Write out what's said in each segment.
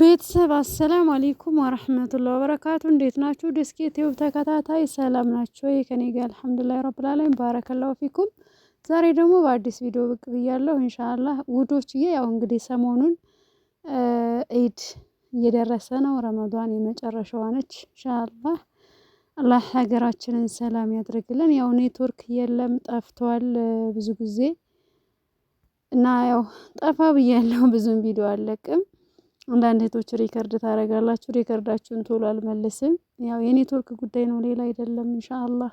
ቤተሰብ አሰላም አሌይኩም ወረህመቱላ ወበረካቱ። እንዴት ናችሁ? ደስኬ ቲዩብ ተከታታይ ሰላም ናቸው ከኔ ጋር አልሐምዱሊላሂ ረብል ዓለሚን ባረከላሁ ፊኩም። ዛሬ ደግሞ በአዲስ ቪዲዮ ብቅ ብያለሁ። ኢንሻአላህ ውዶችዬ፣ ያው እንግዲህ ሰሞኑን ኢድ እየደረሰ ነው። ረመዷን የመጨረሻዋ ነች። እንሻላ አላህ ሀገራችንን ሰላም ያድርግልን። ያው ኔትወርክ የለም ጠፍቷል ብዙ ጊዜ እና ያው ጠፋ ብያለሁ ብዙም ቪዲዮ አለቅም አንዳንድ እህቶች ሪከርድ ታደርጋላችሁ። ሪከርዳችሁን ቶሎ አልመልስም። ያው የኔትወርክ ጉዳይ ነው፣ ሌላ አይደለም። እንሻአላህ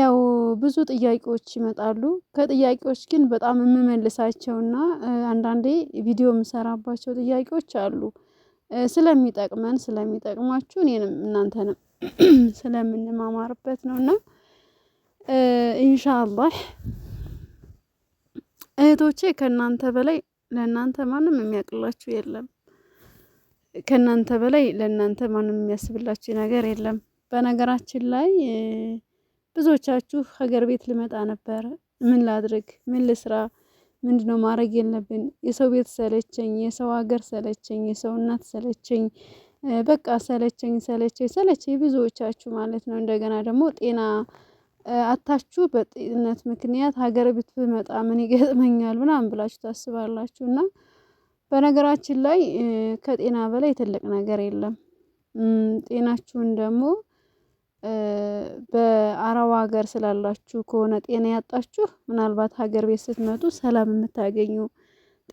ያው ብዙ ጥያቄዎች ይመጣሉ። ከጥያቄዎች ግን በጣም የምመልሳቸውና አንዳንዴ ቪዲዮ የምሰራባቸው ጥያቄዎች አሉ። ስለሚጠቅመን ስለሚጠቅማችሁ እኔንም እናንተንም ስለምንማማርበት ነውና ኢንሻአላህ እህቶቼ ከእናንተ በላይ ለእናንተ ማንም የሚያቅላችሁ የለም። ከእናንተ በላይ ለእናንተ ማንም የሚያስብላችሁ ነገር የለም። በነገራችን ላይ ብዙዎቻችሁ ሀገር ቤት ልመጣ ነበር፣ ምን ላድርግ፣ ምን ልስራ፣ ምንድነው ማድረግ የለብን፣ የሰው ቤት ሰለቸኝ፣ የሰው ሀገር ሰለቸኝ፣ የሰው እናት ሰለቸኝ፣ በቃ ሰለቸኝ ሰለቸኝ ሰለቸኝ ብዙዎቻችሁ ማለት ነው። እንደገና ደግሞ ጤና አታችሁ በጤንነት ምክንያት ሀገር ቤት ብመጣ ምን ይገጥመኛል ምናምን ብላችሁ ታስባላችሁ እና በነገራችን ላይ ከጤና በላይ ትልቅ ነገር የለም። ጤናችሁን ደግሞ በአረብ ሀገር ስላላችሁ ከሆነ ጤና ያጣችሁ ምናልባት ሀገር ቤት ስትመጡ ሰላም የምታገኙ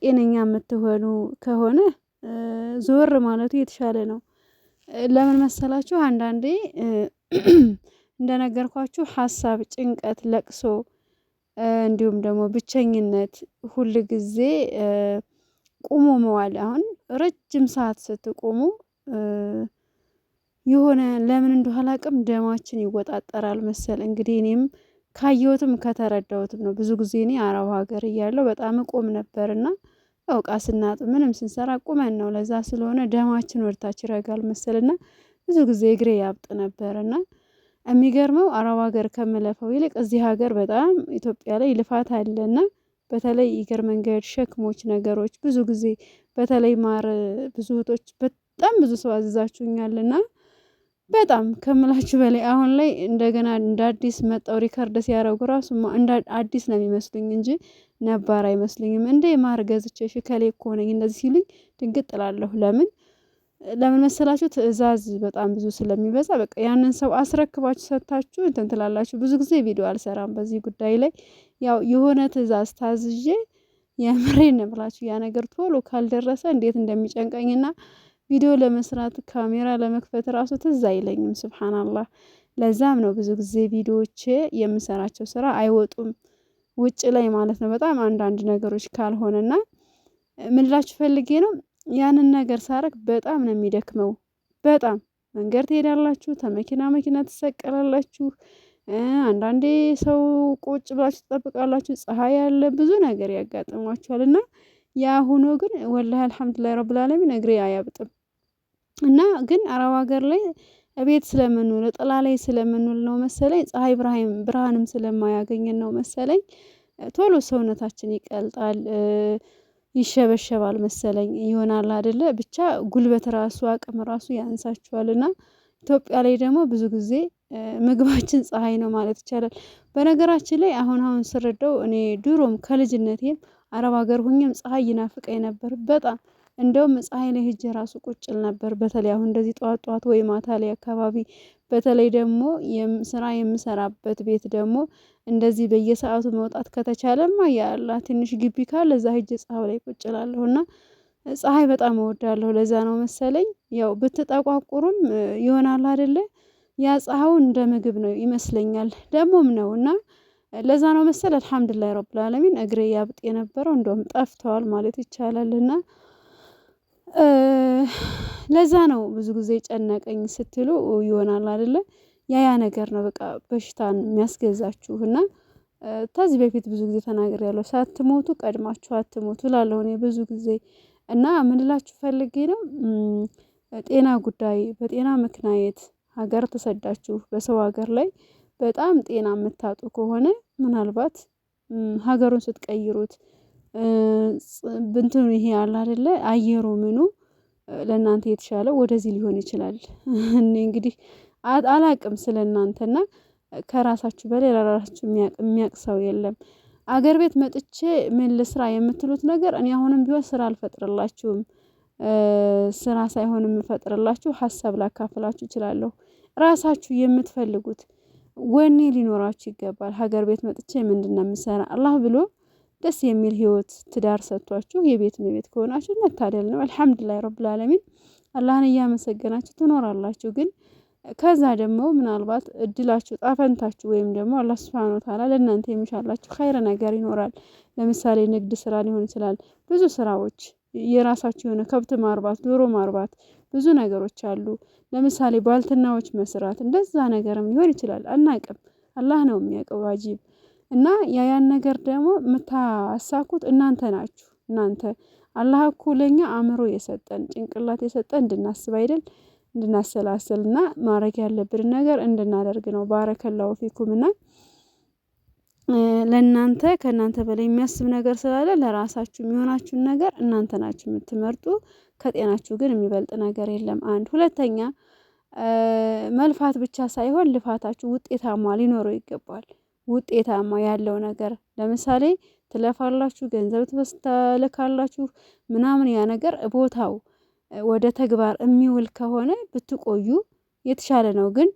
ጤነኛ የምትሆኑ ከሆነ ዞር ማለቱ የተሻለ ነው። ለምን መሰላችሁ? አንዳንዴ እንደነገርኳችሁ ሀሳብ፣ ጭንቀት፣ ለቅሶ እንዲሁም ደግሞ ብቸኝነት ሁል ጊዜ ቁሞ መዋል አሁን ረጅም ሰዓት ስትቆሙ የሆነ ለምን እንደኋላ አቅም ደማችን ይወጣጠራል መሰል። እንግዲህ እኔም ካየሁትም ከተረዳሁትም ነው። ብዙ ጊዜ እኔ አረብ ሀገር እያለሁ በጣም እቆም ነበርና ያው ዕቃ ስናጥ ምንም ስንሰራ ቁመን ነው። ለዛ ስለሆነ ደማችን ወድታች ይረጋል መሰልና ብዙ ጊዜ እግሬ ያብጥ ነበርና የሚገርመው አረብ ሀገር ከምለፈው ይልቅ እዚህ ሀገር በጣም ኢትዮጵያ ላይ ልፋት አለና በተለይ እግር መንገድ ሸክሞች ነገሮች ብዙ ጊዜ በተለይ ማር ብዙ እህቶች በጣም ብዙ ሰው አዝዛችሁኛልና በጣም ከምላችሁ በላይ አሁን ላይ እንደገና እንደ አዲስ መጣው ሪከርድ ሲያደርጉ ራሱ አዲስ ነው የሚመስሉኝ እንጂ ነባር አይመስሉኝም። እንደ ማር ገዝቼ ሽከሌ እኮ ነኝ እንደዚህ ሲሉኝ ድንግጥ እላለሁ። ለምን ለምን መሰላችሁ? ትዕዛዝ በጣም ብዙ ስለሚበዛ በቃ ያንን ሰው አስረክባችሁ ሰጥታችሁ እንትን ትላላችሁ። ብዙ ጊዜ ቪዲዮ አልሰራም በዚህ ጉዳይ ላይ ያው የሆነ ትዕዛዝ ታዝዤ የምሬን ነው ብላችሁ ያ ነገር ቶሎ ካልደረሰ እንዴት እንደሚጨንቀኝና ቪዲዮ ለመስራት ካሜራ ለመክፈት ራሱ ትዝ አይለኝም። ስብሓናላህ። ለዛም ነው ብዙ ጊዜ ቪዲዮዎች የምሰራቸው ስራ አይወጡም ውጭ ላይ ማለት ነው። በጣም አንዳንድ ነገሮች ካልሆነና ምንላችሁ ፈልጌ ነው ያንን ነገር ሳረግ በጣም ነው የሚደክመው። በጣም መንገድ ትሄዳላችሁ፣ ተመኪና መኪና ትሰቀላላችሁ፣ አንዳንዴ ሰው ቁጭ ብላችሁ ትጠብቃላችሁ፣ ፀሐይ ያለ ብዙ ነገር ያጋጥሟችኋል። እና ያ ሆኖ ግን ወላሂ አልሐምዱሊላህ ረብል እግሬ አያብጥም። እና ግን አረብ ሀገር ላይ እቤት ስለምንውል ጥላ ላይ ስለምንውል ነው መሰለኝ ፀሐይ ብርሃንም ስለማያገኘን ነው መሰለኝ ቶሎ ሰውነታችን ይቀልጣል። ይሸበሸባል መሰለኝ ይሆናል አደለ ብቻ ጉልበት ራሱ አቅም ራሱ ያንሳችኋል። እና ኢትዮጵያ ላይ ደግሞ ብዙ ጊዜ ምግባችን ፀሐይ ነው ማለት ይቻላል። በነገራችን ላይ አሁን አሁን ስረዳው እኔ ድሮም ከልጅነቴም አረብ ሀገር ሁኝም ፀሐይ ይናፍቀኝ ነበር በጣም እንደውም ፀሐይ ላይ ሄጄ ራሱ ቁጭል ነበር። በተለይ አሁን እንደዚህ ጠዋት ጠዋት ወይ ማታ ላይ አካባቢ በተለይ ደግሞ ስራ የምሰራበት ቤት ደግሞ እንደዚህ በየሰዓቱ መውጣት ከተቻለማ ያላ ትንሽ ግቢ ካለ እዛ ሂጅ ፀሐይ ላይ ቁጭ እላለሁ እና ፀሐይ በጣም እወዳለሁ። ለዛ ነው መሰለኝ ያው ብትጠቋቁሩም ይሆናል አደለ? ያ ፀሐዩ እንደ ምግብ ነው ይመስለኛል ደግሞም ነው እና ለዛ ነው መሰል አልሐምዱሊላህ ረብል ዓለሚን እግሬ ያብጥ የነበረው እንደውም ጠፍተዋል ማለት ይቻላል እና ለዛ ነው ብዙ ጊዜ ጨነቀኝ ስትሉ ይሆናል አይደለ? ያ ያ ነገር ነው በቃ በሽታን የሚያስገዛችሁ እና ከዚህ በፊት ብዙ ጊዜ ያለው ሳትሞቱ ቀድማችሁ አትሞቱ እላለሁ እኔ ብዙ ጊዜ እና ምንላችሁ ፈልጌ ነው ጤና ጉዳይ በጤና ምክንያት ሀገር ተሰዳችሁ በሰው ሀገር ላይ በጣም ጤና የምታጡ ከሆነ ምናልባት ሀገሩን ስትቀይሩት ብንትኑ ይሄ አለ አደለ አየሩ ምኑ ለእናንተ የተሻለ ወደዚህ ሊሆን ይችላል። እኔ እንግዲህ አላቅም ስለ እናንተና ከራሳችሁ በላይ ለራሳችሁ የሚያቅ ሰው የለም። አገር ቤት መጥቼ ምን ልስራ የምትሉት ነገር እኔ አሁንም ቢሆን ስራ አልፈጥርላችሁም። ስራ ሳይሆን የምፈጥርላችሁ ሀሳብ ላካፍላችሁ እችላለሁ። ራሳችሁ የምትፈልጉት ወኔ ሊኖራችሁ ይገባል። ሀገር ቤት መጥቼ ምንድነው የምሰራ አላህ ብሎ ደስ የሚል ህይወት ትዳር ሰጥቷችሁ የቤት ቤት ከሆናችሁ መታደል ነው። አልሐምዱሊላህ ረብል ዓለሚን አላህን እያመሰገናችሁ ትኖራላችሁ። ግን ከዛ ደግሞ ምናልባት እድላችሁ ጣፈንታችሁ ወይም ደግሞ አላህ ሱብሃነሁ ወተዓላ ለእናንተ የሚሻላችሁ ኸይረ ነገር ይኖራል። ለምሳሌ ንግድ ስራ ሊሆን ይችላል። ብዙ ስራዎች የራሳችሁ የሆነ ከብት ማርባት፣ ዶሮ ማርባት ብዙ ነገሮች አሉ። ለምሳሌ ባልትናዎች መስራት እንደዛ ነገርም ሊሆን ይችላል። አናቅም፣ አላህ ነው የሚያውቀው አጂብ እና ያያን ያን ነገር ደግሞ የምታሳኩት እናንተ ናችሁ እናንተ አላህ እኮ ለኛ አእምሮ የሰጠን ጭንቅላት የሰጠን እንድናስብ አይደል እንድናሰላስል እና ማድረግ ያለብንን ነገር እንድናደርግ ነው። ባረከላሁ ፊኩም እና ለእናንተ ከእናንተ በላይ የሚያስብ ነገር ስላለ ለራሳችሁ የሚሆናችሁን ነገር እናንተ ናችሁ የምትመርጡ። ከጤናችሁ ግን የሚበልጥ ነገር የለም። አንድ ሁለተኛ መልፋት ብቻ ሳይሆን ልፋታችሁ ውጤታማ ሊኖረው ይገባል። ውጤታማ ያለው ነገር ለምሳሌ ትለፋላችሁ ገንዘብ ትልካላችሁ ምናምን ያ ነገር ቦታው ወደ ተግባር የሚውል ከሆነ ብትቆዩ የተሻለ ነው። ግን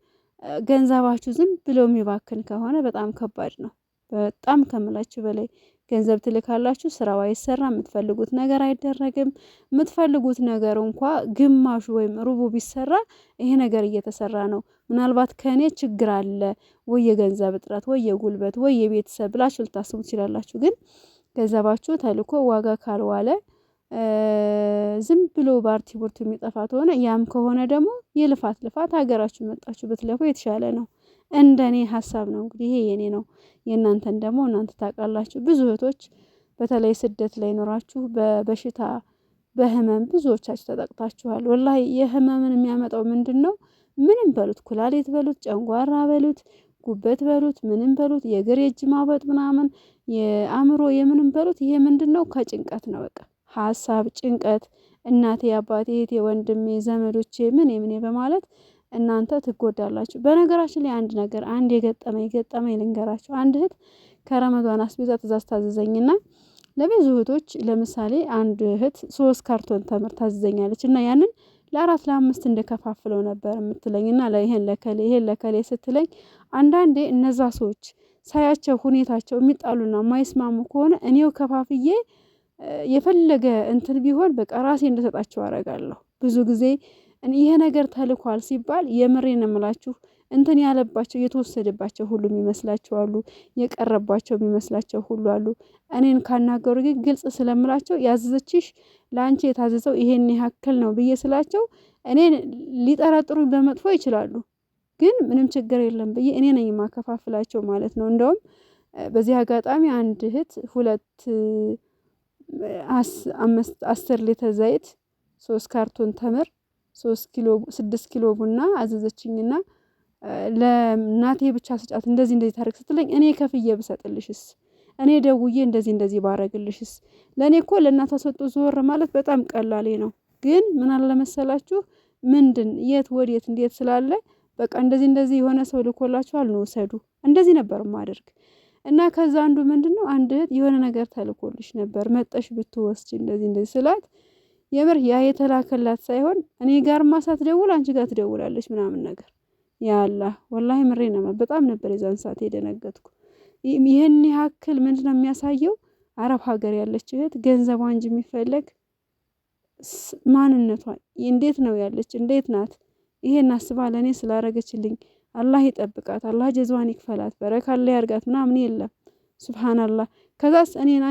ገንዘባችሁ ዝም ብሎ የሚባክን ከሆነ በጣም ከባድ ነው። በጣም ከምላችሁ በላይ ገንዘብ ትልካላችሁ፣ ስራው አይሰራ፣ የምትፈልጉት ነገር አይደረግም። የምትፈልጉት ነገር እንኳ ግማሹ ወይም ሩቡ ቢሰራ ይሄ ነገር እየተሰራ ነው፣ ምናልባት ከእኔ ችግር አለ ወይ የገንዘብ እጥረት ወይ የጉልበት ወይ የቤተሰብ ብላችሁ ልታስቡ ትችላላችሁ። ግን ገንዘባችሁ ተልኮ ዋጋ ካልዋለ ዝም ብሎ ባርቲ ቦርቱ የሚጠፋ ከሆነ ያም ከሆነ ደግሞ የልፋት ልፋት ሀገራችሁ መጣችሁ ብትለፉ የተሻለ ነው። እንደኔ ሀሳብ ነው እንግዲህ ይሄ የኔ ነው። የእናንተን ደግሞ እናንተ ታውቃላችሁ። ብዙ እህቶች በተለይ ስደት ላይ ኖራችሁ በበሽታ በህመም ብዙዎቻችሁ ተጠቅታችኋል። ወላሂ የህመምን የሚያመጣው ምንድን ነው? ምንም በሉት ኩላሊት በሉት ጨንጓራ በሉት ጉበት በሉት ምንም በሉት የእግር የእጅ ማበጥ ምናምን የአእምሮ የምንም በሉት ይሄ ምንድን ነው? ከጭንቀት ነው በቃ ሀሳብ፣ ጭንቀት እናቴ፣ አባቴ፣ እህቴ፣ ወንድሜ፣ ዘመዶቼ ምን የምኔ በማለት እናንተ ትጎዳላችሁ። በነገራችን ላይ አንድ ነገር አንድ የገጠመኝ ገጠመኝ ልንገራችሁ። አንድ እህት ከረመዷን አስቤዛ ትእዛዝ ታዘዘኝና ለብዙ እህቶች ለምሳሌ አንድ እህት ሶስት ካርቶን ተምር ታዘዘኛለች እና ያንን ለአራት ለአምስት እንደከፋፍለው ነበር የምትለኝ እና ይሄን ለከሌ ይሄን ለከሌ ስትለኝ አንዳንዴ እነዛ ሰዎች ሳያቸው ሁኔታቸው የሚጣሉና የማይስማሙ ከሆነ እኔው ከፋፍዬ የፈለገ እንትን ቢሆን በቃ ራሴ እንደሰጣቸው አደርጋለሁ። ብዙ ጊዜ ይሄ ነገር ተልኳል ሲባል የምሬን ነው የምላችሁ እንትን ያለባቸው የተወሰደባቸው ሁሉ የሚመስላቸው አሉ የቀረባቸው የሚመስላቸው ሁሉ አሉ። እኔን ካናገሩ ግን ግልጽ ስለምላቸው ያዘዘችሽ ለአንቺ የታዘዘው ይሄን ያክል ነው ብዬ ስላቸው እኔን ሊጠረጥሩ በመጥፎ ይችላሉ። ግን ምንም ችግር የለም ብዬ እኔ ነኝ የማከፋፍላቸው ማለት ነው። እንደውም በዚህ አጋጣሚ አንድ እህት ሁለት አስር ሊትር ዘይት፣ ሶስት ካርቶን ተምር፣ ሶስት ኪሎ ስድስት ኪሎ ቡና አዘዘችኝና ለእናቴ ብቻ ስጫት እንደዚህ እንደዚህ ታደርግ ስትለኝ እኔ ከፍዬ ብሰጥልሽስ እኔ ደውዬ እንደዚህ እንደዚህ ባረግልሽስ ለእኔ እኮ ለእናቷ ሰጡ ዞር ማለት በጣም ቀላሌ ነው። ግን ምን አለመሰላችሁ ምንድን የት ወዴት እንዴት ስላለ በቃ እንደዚህ እንደዚህ የሆነ ሰው ልኮላችኋል ንውሰዱ እንደዚህ ነበር ማደርግ እና ከዛ አንዱ ምንድነው አንድ እህት የሆነ ነገር ተልኮልሽ ነበር መጠሽ ብትወስጂ እንደዚህ እንደዚህ ስላት የምር ያ የተላከላት ሳይሆን እኔ ጋር ማሳት ደውል አንቺ ጋር ትደውላለች ምናምን ነገር ያላ ወላሂ ምሬ ነው። በጣም ነበር የዛን ሰዓት የደነገጥኩ። ይህን ያክል ምንድነው የሚያሳየው አረብ ሀገር ያለች እህት ገንዘቧ እንጂ የሚፈለግ ማንነቷ እንዴት ነው ያለች እንዴት ናት? ይሄን አስባ ለእኔ ስላረገችልኝ አላህ ይጠብቃት፣ አላህ ጀዝዋን ይክፈላት፣ በረካ ላይ ያርጋት ምናምን የለም። ሱብሃንአላህ ከዛስ እኔን